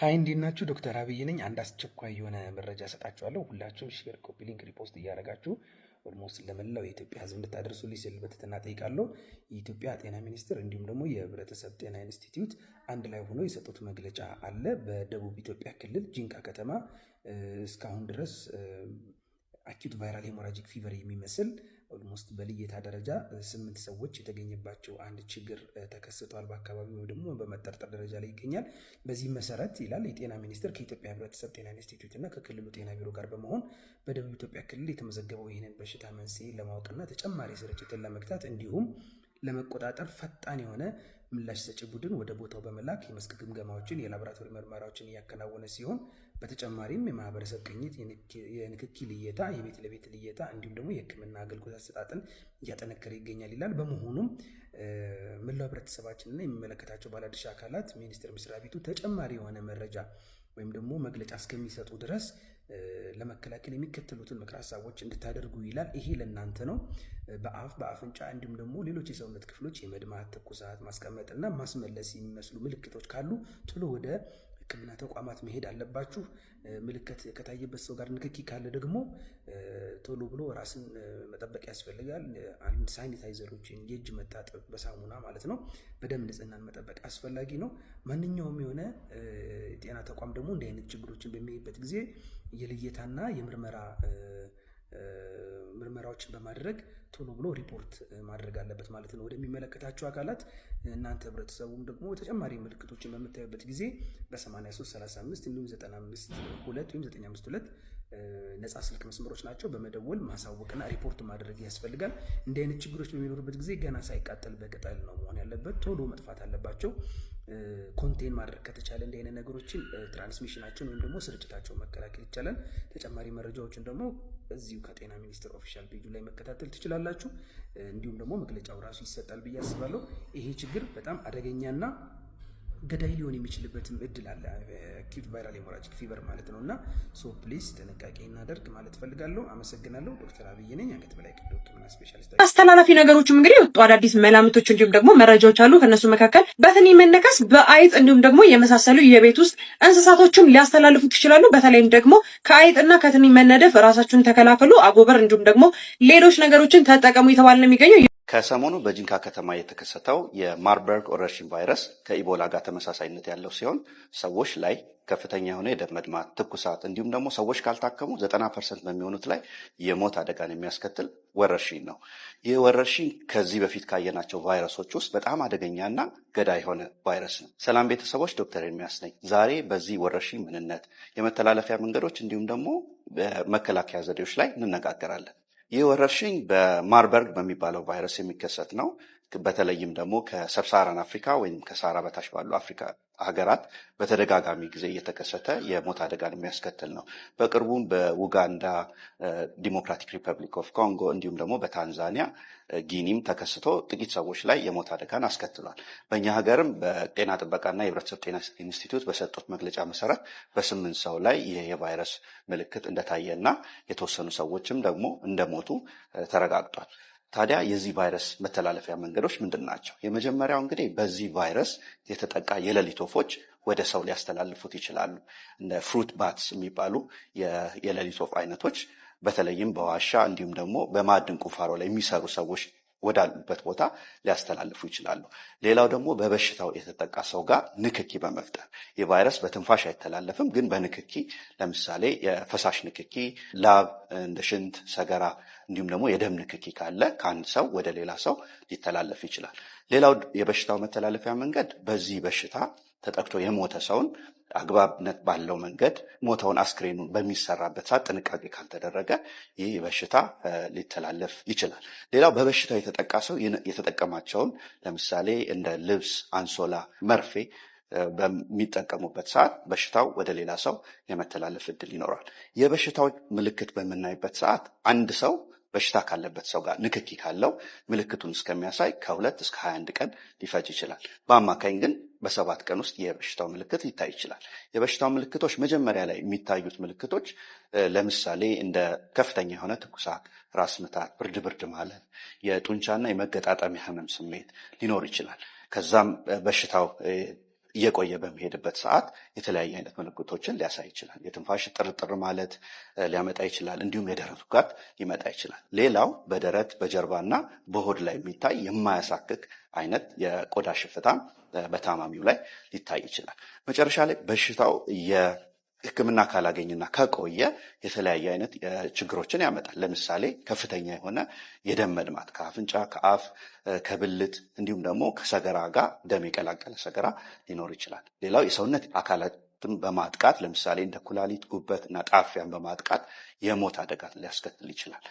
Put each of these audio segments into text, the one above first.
ሀይ እንዲናችሁ ዶክተር አብይ ነኝ። አንድ አስቸኳይ የሆነ መረጃ ሰጣችኋለሁ። ሁላችሁም ሼር፣ ኮፒ ሊንክ፣ ሪፖስት እያደረጋችሁ ኦልሞስት ለመላው የኢትዮጵያ ሕዝብ እንድታደርሱልኝ ስል በትህትና ጠይቃለሁ። የኢትዮጵያ ጤና ሚኒስቴር እንዲሁም ደግሞ የህብረተሰብ ጤና ኢንስቲትዩት አንድ ላይ ሆኖ የሰጡት መግለጫ አለ። በደቡብ ኢትዮጵያ ክልል ጂንካ ከተማ እስካሁን ድረስ አኪዩት ቫይራል ሄሞራጂክ ፊቨር የሚመስል ኦልሞስት በልየታ ደረጃ ስምንት ሰዎች የተገኘባቸው አንድ ችግር ተከስቷል በአካባቢው ወይም ደግሞ በመጠርጠር ደረጃ ላይ ይገኛል። በዚህ መሰረት ይላል የጤና ሚኒስቴር ከኢትዮጵያ ሕብረተሰብ ጤና ኢንስቲትዩት እና ከክልሉ ጤና ቢሮ ጋር በመሆን በደቡብ ኢትዮጵያ ክልል የተመዘገበው ይህንን በሽታ መንስኤ ለማወቅና ተጨማሪ ስርጭትን ለመግታት እንዲሁም ለመቆጣጠር ፈጣን የሆነ ምላሽ ሰጪ ቡድን ወደ ቦታው በመላክ የመስክ ግምገማዎችን፣ የላቦራቶሪ ምርመራዎችን እያከናወነ ሲሆን በተጨማሪም የማህበረሰብ ቅኝት፣ የንክኪ ልየታ፣ የቤት ለቤት ልየታ እንዲሁም ደግሞ የሕክምና አገልግሎት አሰጣጥን እያጠነከረ ይገኛል ይላል። በመሆኑም መላው ህብረተሰባችንና የሚመለከታቸው ባለድርሻ አካላት ሚኒስቴር መስሪያ ቤቱ ተጨማሪ የሆነ መረጃ ወይም ደግሞ መግለጫ እስከሚሰጡ ድረስ ለመከላከል የሚከተሉትን ምክር ሀሳቦች እንድታደርጉ ይላል። ይሄ ለእናንተ ነው። በአፍ በአፍንጫ እንዲሁም ደግሞ ሌሎች የሰውነት ክፍሎች የመድማት፣ ትኩሳት፣ ማስቀመጥና ማስመለስ የሚመስሉ ምልክቶች ካሉ ቶሎ ወደ ሕክምና ተቋማት መሄድ አለባችሁ። ምልክት ከታየበት ሰው ጋር ንክኪ ካለ ደግሞ ቶሎ ብሎ ራስን መጠበቅ ያስፈልጋል። አንድ ሳኒታይዘሮችን፣ የእጅ መታጠብ በሳሙና ማለት ነው። በደንብ ንጽህናን መጠበቅ አስፈላጊ ነው። ማንኛውም የሆነ ጤና ተቋም ደግሞ እንዲህ አይነት ችግሮችን በሚሄድበት ጊዜ የልየታና የምርመራ ምርመራዎችን በማድረግ ቶሎ ብሎ ሪፖርት ማድረግ አለበት ማለት ነው ወደሚመለከታቸው አካላት። እናንተ ህብረተሰቡም ደግሞ ተጨማሪ ምልክቶችን በምታዩበት ጊዜ በ8335 እንዲሁም 952 ወይም 952 ነፃ ስልክ መስመሮች ናቸው። በመደወል ማሳወቅና ሪፖርት ማድረግ ያስፈልጋል። እንዲህ አይነት ችግሮች በሚኖሩበት ጊዜ ገና ሳይቃጠል በቅጠል ነው መሆን ያለበት። ቶሎ መጥፋት አለባቸው። ኮንቴን ማድረግ ከተቻለ እንዲህ አይነት ነገሮችን ትራንስሚሽናቸውን ወይም ደግሞ ስርጭታቸውን መከላከል ይቻላል። ተጨማሪ መረጃዎችን ደግሞ እዚሁ ከጤና ሚኒስቴር ኦፊሻል ፔጁ ላይ መከታተል ትችላላችሁ። እንዲሁም ደግሞ መግለጫው ራሱ ይሰጣል ብዬ አስባለሁ። ይሄ ችግር በጣም አደገኛና ገዳይ ሊሆን የሚችልበትም እድል አለ። አክቲቭ ቫይራል ሄሞራጂክ ፊቨር ማለት ነው እና ሶ ፕሊስ ጥንቃቄ እናደርግ ማለት ፈልጋለሁ። አመሰግናለሁ። ዶክተር አብይ ነኝ፣ አንገት በላይ ቀዶ ሕክምና ስፔሻሊስት። አስተላላፊ ነገሮችም እንግዲህ ወጡ አዳዲስ መላምቶች እንዲሁም ደግሞ መረጃዎች አሉ። ከእነሱ መካከል በትንኝ መነከስ፣ በአይጥ እንዲሁም ደግሞ የመሳሰሉ የቤት ውስጥ እንስሳቶችም ሊያስተላልፉት ይችላሉ። በተለይም ደግሞ ከአይጥና ከትንኝ መነደፍ ራሳችሁን ተከላከሉ። አጎበር እንዲሁም ደግሞ ሌሎች ነገሮችን ተጠቀሙ የተባለ ነው የሚገኘው። ከሰሞኑ በጂንካ ከተማ የተከሰተው የማርበርግ ወረርሽኝ ቫይረስ ከኢቦላ ጋር ተመሳሳይነት ያለው ሲሆን ሰዎች ላይ ከፍተኛ የሆነ የደም መድማት፣ ትኩሳት እንዲሁም ደግሞ ሰዎች ካልታከሙ ዘጠና ፐርሰንት በሚሆኑት ላይ የሞት አደጋን የሚያስከትል ወረርሽኝ ነው። ይህ ወረርሽኝ ከዚህ በፊት ካየናቸው ቫይረሶች ውስጥ በጣም አደገኛና ገዳይ የሆነ ቫይረስ ነው። ሰላም ቤተሰቦች፣ ዶክተር ኤርሚያስ ነኝ። ዛሬ በዚህ ወረርሽኝ ምንነት፣ የመተላለፊያ መንገዶች እንዲሁም ደግሞ በመከላከያ ዘዴዎች ላይ እንነጋገራለን። ይህ ወረርሽኝ በማርበርግ በሚባለው ቫይረስ የሚከሰት ነው። በተለይም ደግሞ ከሰብሳራን አፍሪካ ወይም ከሳራ በታች ባሉ አፍሪካ ሀገራት በተደጋጋሚ ጊዜ እየተከሰተ የሞት አደጋን የሚያስከትል ነው። በቅርቡም በኡጋንዳ፣ ዲሞክራቲክ ሪፐብሊክ ኦፍ ኮንጎ እንዲሁም ደግሞ በታንዛኒያ ጊኒም ተከስቶ ጥቂት ሰዎች ላይ የሞት አደጋን አስከትሏል። በእኛ ሀገርም በጤና ጥበቃና የህብረተሰብ ጤና ኢንስቲትዩት በሰጡት መግለጫ መሰረት በስምንት ሰው ላይ ይህ የቫይረስ ምልክት እንደታየ የተወሰኑ ሰዎችም ደግሞ እንደሞቱ ተረጋግጧል። ታዲያ የዚህ ቫይረስ መተላለፊያ መንገዶች ምንድን ናቸው? የመጀመሪያው እንግዲህ በዚህ ቫይረስ የተጠቃ የሌሊት ወፎች ወደ ሰው ሊያስተላልፉት ይችላሉ። እንደ ፍሩት ባትስ የሚባሉ የሌሊት ወፍ አይነቶች በተለይም በዋሻ እንዲሁም ደግሞ በማዕድን ቁፋሮ ላይ የሚሰሩ ሰዎች ወዳሉበት ቦታ ሊያስተላልፉ ይችላሉ። ሌላው ደግሞ በበሽታው የተጠቃ ሰው ጋር ንክኪ በመፍጠር ይህ ቫይረስ በትንፋሽ አይተላለፍም፣ ግን በንክኪ ለምሳሌ የፈሳሽ ንክኪ፣ ላብ፣ እንደ ሽንት፣ ሰገራ እንዲሁም ደግሞ የደም ንክኪ ካለ ከአንድ ሰው ወደ ሌላ ሰው ሊተላለፍ ይችላል። ሌላው የበሽታው መተላለፊያ መንገድ በዚህ በሽታ ተጠቅቶ የሞተ ሰውን አግባብነት ባለው መንገድ ሞተውን አስክሬኑ በሚሰራበት ሰዓት ጥንቃቄ ካልተደረገ ይህ በሽታ ሊተላለፍ ይችላል። ሌላው በበሽታው የተጠቃ ሰው የተጠቀማቸውን ለምሳሌ እንደ ልብስ፣ አንሶላ፣ መርፌ በሚጠቀሙበት ሰዓት በሽታው ወደ ሌላ ሰው የመተላለፍ እድል ይኖራል። የበሽታው ምልክት በምናይበት ሰዓት አንድ ሰው በሽታ ካለበት ሰው ጋር ንክኪ ካለው ምልክቱን እስከሚያሳይ ከሁለት እስከ 21 ቀን ሊፈጅ ይችላል። በአማካኝ ግን በሰባት ቀን ውስጥ የበሽታው ምልክት ሊታይ ይችላል። የበሽታው ምልክቶች መጀመሪያ ላይ የሚታዩት ምልክቶች ለምሳሌ እንደ ከፍተኛ የሆነ ትኩሳት፣ ራስ ምታት፣ ብርድ ብርድ ማለት፣ የጡንቻና የመገጣጠም ህመም ስሜት ሊኖር ይችላል። ከዛም በሽታው እየቆየ በሚሄድበት ሰዓት የተለያየ አይነት ምልክቶችን ሊያሳይ ይችላል። የትንፋሽ ጥርጥር ማለት ሊያመጣ ይችላል። እንዲሁም የደረት ውጋት ሊመጣ ይችላል። ሌላው በደረት በጀርባና በሆድ ላይ የሚታይ የማያሳክክ አይነት የቆዳ ሽፍታም በታማሚው ላይ ሊታይ ይችላል። መጨረሻ ላይ በሽታው የህክምና ካላገኝና ከቆየ የተለያየ አይነት ችግሮችን ያመጣል። ለምሳሌ ከፍተኛ የሆነ የደም መድማት ከአፍንጫ፣ ከአፍ፣ ከብልት እንዲሁም ደግሞ ከሰገራ ጋር ደም የቀላቀለ ሰገራ ሊኖር ይችላል። ሌላው የሰውነት አካላት በማጥቃት ለምሳሌ እንደ ኩላሊት፣ ጉበት እና ጣፊያን በማጥቃት የሞት አደጋ ሊያስከትል ይችላል።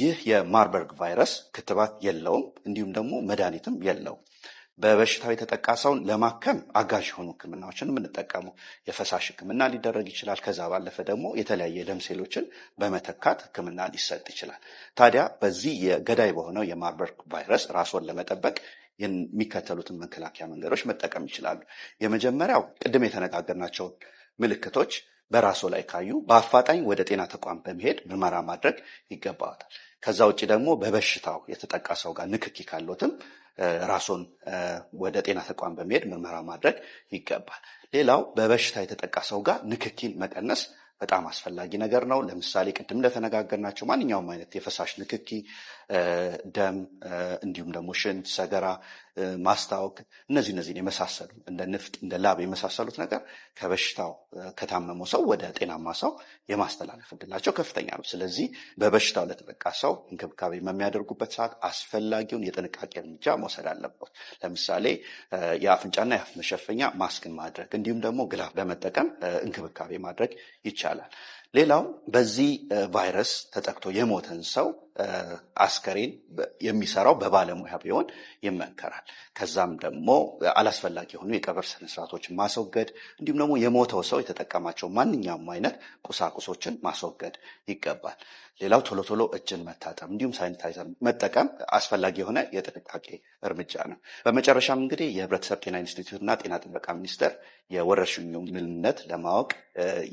ይህ የማርበርግ ቫይረስ ክትባት የለውም፣ እንዲሁም ደግሞ መድኃኒትም የለውም። በበሽታው የተጠቃ ሰውን ለማከም አጋዥ የሆኑ ህክምናዎችን የምንጠቀሙ የፈሳሽ ህክምና ሊደረግ ይችላል። ከዛ ባለፈ ደግሞ የተለያየ ደም ሴሎችን በመተካት ህክምና ሊሰጥ ይችላል። ታዲያ በዚህ የገዳይ በሆነው የማርበርግ ቫይረስ ራስን ለመጠበቅ የሚከተሉትን መከላከያ መንገዶች መጠቀም ይችላሉ። የመጀመሪያው ቅድም የተነጋገርናቸውን ምልክቶች በራሶ ላይ ካዩ በአፋጣኝ ወደ ጤና ተቋም በመሄድ ምርመራ ማድረግ ይገባዋታል። ከዛ ውጭ ደግሞ በበሽታው የተጠቃ ሰው ጋር ንክኪ ካሎትም ራሱን ወደ ጤና ተቋም በመሄድ ምርመራ ማድረግ ይገባል። ሌላው በበሽታ የተጠቃ ሰው ጋር ንክኪን መቀነስ በጣም አስፈላጊ ነገር ነው። ለምሳሌ ቅድም ናቸው ማንኛውም አይነት የፈሳሽ ንክኪ፣ ደም፣ እንዲሁም ደግሞ ሽንት፣ ሰገራ፣ ማስታወክ እነዚህ እነዚህን የመሳሰሉ እንደ ንፍጥ እንደ ላብ የመሳሰሉት ነገር ከበሽታው ከታመመው ሰው ወደ ጤናማ ሰው የማስተላለፍ እድላቸው ከፍተኛ ነው። ስለዚህ በበሽታው ለተጠቃ ሰው እንክብካቤ በሚያደርጉበት ሰዓት አስፈላጊውን የጥንቃቄ እርምጃ መውሰድ አለበት። ለምሳሌ የአፍንጫና የአፍ መሸፈኛ ማስክን ማድረግ እንዲሁም ደግሞ ግላፍ በመጠቀም እንክብካቤ ማድረግ ይቻላል። ሌላው በዚህ ቫይረስ ተጠቅቶ የሞተን ሰው አስከሬን የሚሰራው በባለሙያ ቢሆን ይመከራል። ከዛም ደግሞ አላስፈላጊ የሆኑ የቀብር ስነስርዓቶችን ማስወገድ እንዲሁም ደግሞ የሞተው ሰው የተጠቀማቸው ማንኛውም አይነት ቁሳቁሶችን ማስወገድ ይገባል። ሌላው ቶሎ ቶሎ እጅን መታጠብ እንዲሁም ሳኒታይዘር መጠቀም አስፈላጊ የሆነ የጥንቃቄ እርምጃ ነው። በመጨረሻም እንግዲህ የህብረተሰብ ጤና ኢንስቲትዩትና ጤና ጥበቃ ሚኒስቴር የወረርሽኙን ምንነት ለማወቅ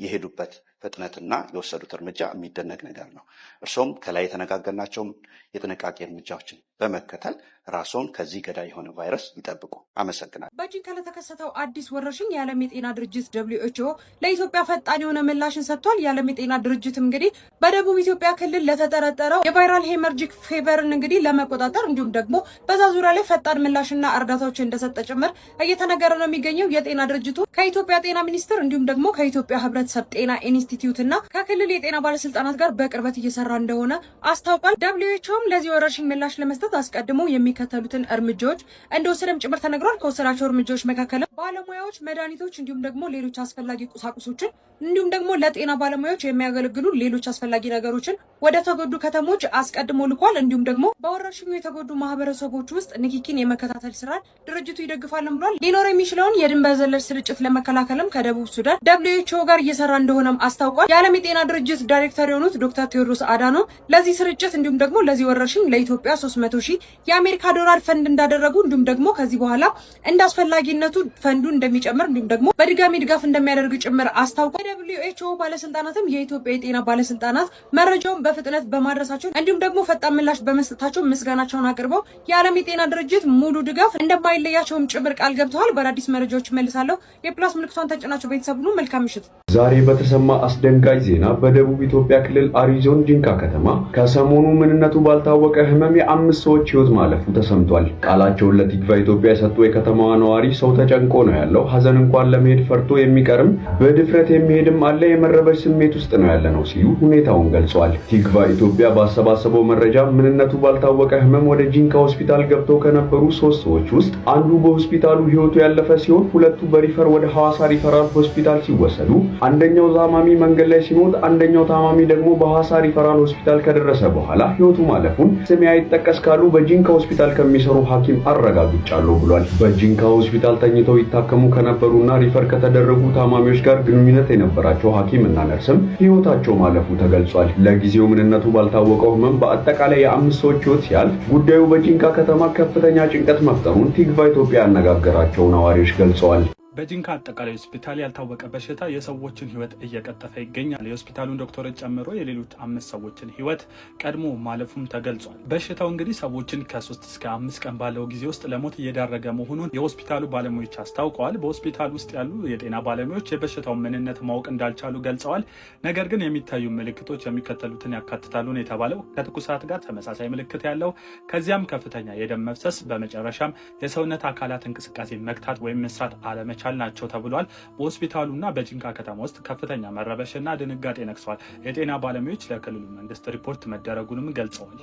የሄዱበት ፍጥነትና የወሰዱት እርምጃ የሚደነቅ ነገር ነው። እርሶም ከላይ የተነጋገርናቸውን የጥንቃቄ እርምጃዎችን በመከተል ራስዎን ከዚህ ገዳይ የሆነ ቫይረስ ይጠብቁ። አመሰግናል። በጂንካ ለተከሰተው አዲስ ወረርሽኝ የዓለም የጤና ድርጅት ደብሊው ኤች ኦ ለኢትዮጵያ ፈጣን የሆነ ምላሽን ሰጥቷል። የዓለም የጤና ድርጅት እንግዲህ በደቡብ ኢትዮጵያ ክልል ለተጠረጠረው የቫይራል ሄመርጂክ ፌቨርን እንግዲህ ለመቆጣጠር እንዲሁም ደግሞ በዛ ዙሪያ ላይ ፈጣን ምላሽና እርዳታዎች እንደሰጠ ጭምር እየተነገረ ነው የሚገኘው። የጤና ድርጅቱ ከኢትዮጵያ ጤና ሚኒስቴር እንዲሁም ደግሞ ከኢትዮጵያ ህብረተሰብ ጤና ኢንስቲትዩት እና ከክልል የጤና ባለስልጣናት ጋር በቅርበት እየሰራ እንደሆነ አስታውቋል። ደብሊው ኤች ኦም መንግስትም ለዚህ ወረርሽኝ ምላሽ ለመስጠት አስቀድሞ የሚከተሉትን እርምጃዎች እንደወሰደም ጭምር ተነግሯል። ከወሰዳቸው እርምጃዎች መካከል ባለሙያዎች መድኃኒቶች፣ እንዲሁም ደግሞ ሌሎች አስፈላጊ ቁሳቁሶችን እንዲሁም ደግሞ ለጤና ባለሙያዎች የሚያገለግሉ ሌሎች አስፈላጊ ነገሮችን ወደ ተጎዱ ከተሞች አስቀድሞ ልኳል። እንዲሁም ደግሞ በወረርሽኙ የተጎዱ ማህበረሰቦች ውስጥ ንኪኪን የመከታተል ስራን ድርጅቱ ይደግፋልን ብሏል። ሊኖር የሚችለውን የድንበር ዘለል ስርጭት ለመከላከልም ከደቡብ ሱዳን ደብሊው ኤች ኦ ጋር እየሰራ እንደሆነም አስታውቋል። የዓለም የጤና ድርጅት ዳይሬክተር የሆኑት ዶክተር ቴዎድሮስ አዳኖ ለዚህ ስርጭት እንዲሁም ደግሞ ለዚህ ወረርሽኝ ለኢትዮጵያ 300 ሺህ የአሜሪካ ዶላር ፈንድ እንዳደረጉ እንዲሁም ደግሞ ከዚህ በኋላ እንደ አስፈላጊነቱ ፈንዱ እንደሚጨምር እንዲሁም ደግሞ በድጋሚ ድጋፍ እንደሚያደርግ ጭምር አስታውቋል። የደብሊው ኤች ኦ ባለስልጣናትም የኢትዮጵያ የጤና ባለስልጣናት መረጃውን በፍጥነት በማድረሳቸው እንዲሁም ደግሞ ፈጣን ምላሽ በመስጠታቸው ምስጋናቸውን አቅርበው የዓለም የጤና ድርጅት ሙሉ ድጋፍ እንደማይለያቸውም ጭምር ቃል ገብተዋል። በአዳዲስ መረጃዎች መልሳለሁ። የፕላስ ምልክቷን ተጭናቸው ቤተሰብ ሁሉ መልካም ምሽት ዛሬ በተሰማ አስደንጋጭ ዜና በደቡብ ኢትዮጵያ ክልል አሪዞን ዞን ጂንካ ከተማ ከሰሞኑ ምንነቱ ባልታወቀ ህመም የአምስት ሰዎች ህይወት ማለፉ ተሰምቷል። ቃላቸውን ለቲግቫ ኢትዮጵያ የሰጡ የከተማዋ ነዋሪ ሰው ተጨንቆ ነው ያለው፣ ሀዘን እንኳን ለመሄድ ፈርቶ የሚቀርም በድፍረት የሚሄድም አለ፣ የመረበሽ ስሜት ውስጥ ነው ያለ ነው ሲሉ ሁኔታውን ገልጸዋል። ቲግቫ ኢትዮጵያ ባሰባሰበው መረጃ ምንነቱ ባልታወቀ ህመም ወደ ጂንካ ሆስፒታል ገብተው ከነበሩ ሶስት ሰዎች ውስጥ አንዱ በሆስፒታሉ ህይወቱ ያለፈ ሲሆን ሁለቱ በሪፈር ወደ ሐዋሳ ሪፈራል ሆስፒታል ሲወሰዱ አንደኛው ታማሚ መንገድ ላይ ሲሞት፣ አንደኛው ታማሚ ደግሞ በሐዋሳ ሪፈራል ሆስፒታል ከደረሰ በኋላ ህይወቱ ማለፉን ስሜ አይጠቀስ ካሉ በጂንካ ሆስፒታል ከሚሰሩ ሐኪም አረጋግጫለሁ ብሏል። በጂንካ ሆስፒታል ተኝተው ይታከሙ ከነበሩና ሪፈር ከተደረጉ ታማሚዎች ጋር ግንኙነት የነበራቸው ሐኪም እና ነርስም ህይወታቸው ማለፉ ተገልጿል። ለጊዜው ምንነቱ ባልታወቀው ህመም በአጠቃላይ የአምስት ሰዎች ህይወት ሲያልፍ ጉዳዩ በጂንካ ከተማ ከፍተኛ ጭንቀት መፍጠሩን ቲግቫ ኢትዮጵያ ያነጋገራቸው ነዋሪዎች ገልጸዋል። በጂንካ አጠቃላይ ሆስፒታል ያልታወቀ በሽታ የሰዎችን ህይወት እየቀጠፈ ይገኛል። የሆስፒታሉን ዶክተሮች ጨምሮ የሌሎች አምስት ሰዎችን ህይወት ቀድሞ ማለፉም ተገልጿል። በሽታው እንግዲህ ሰዎችን ከሶስት እስከ አምስት ቀን ባለው ጊዜ ውስጥ ለሞት እየዳረገ መሆኑን የሆስፒታሉ ባለሙያዎች አስታውቀዋል። በሆስፒታል ውስጥ ያሉ የጤና ባለሙያዎች የበሽታውን ምንነት ማወቅ እንዳልቻሉ ገልጸዋል። ነገር ግን የሚታዩ ምልክቶች የሚከተሉትን ያካትታሉ ነው የተባለው። ከትኩሳት ጋር ተመሳሳይ ምልክት ያለው፣ ከዚያም ከፍተኛ የደም መፍሰስ፣ በመጨረሻም የሰውነት አካላት እንቅስቃሴ መግታት ወይም መስራት አለመቻል ሆስፒታል ናቸው ተብሏል። በሆስፒታሉና በጂንካ ከተማ ውስጥ ከፍተኛ መረበሽና ድንጋጤ ነግሷል። የጤና ባለሙያዎች ለክልሉ መንግስት ሪፖርት መደረጉንም ገልጸዋል።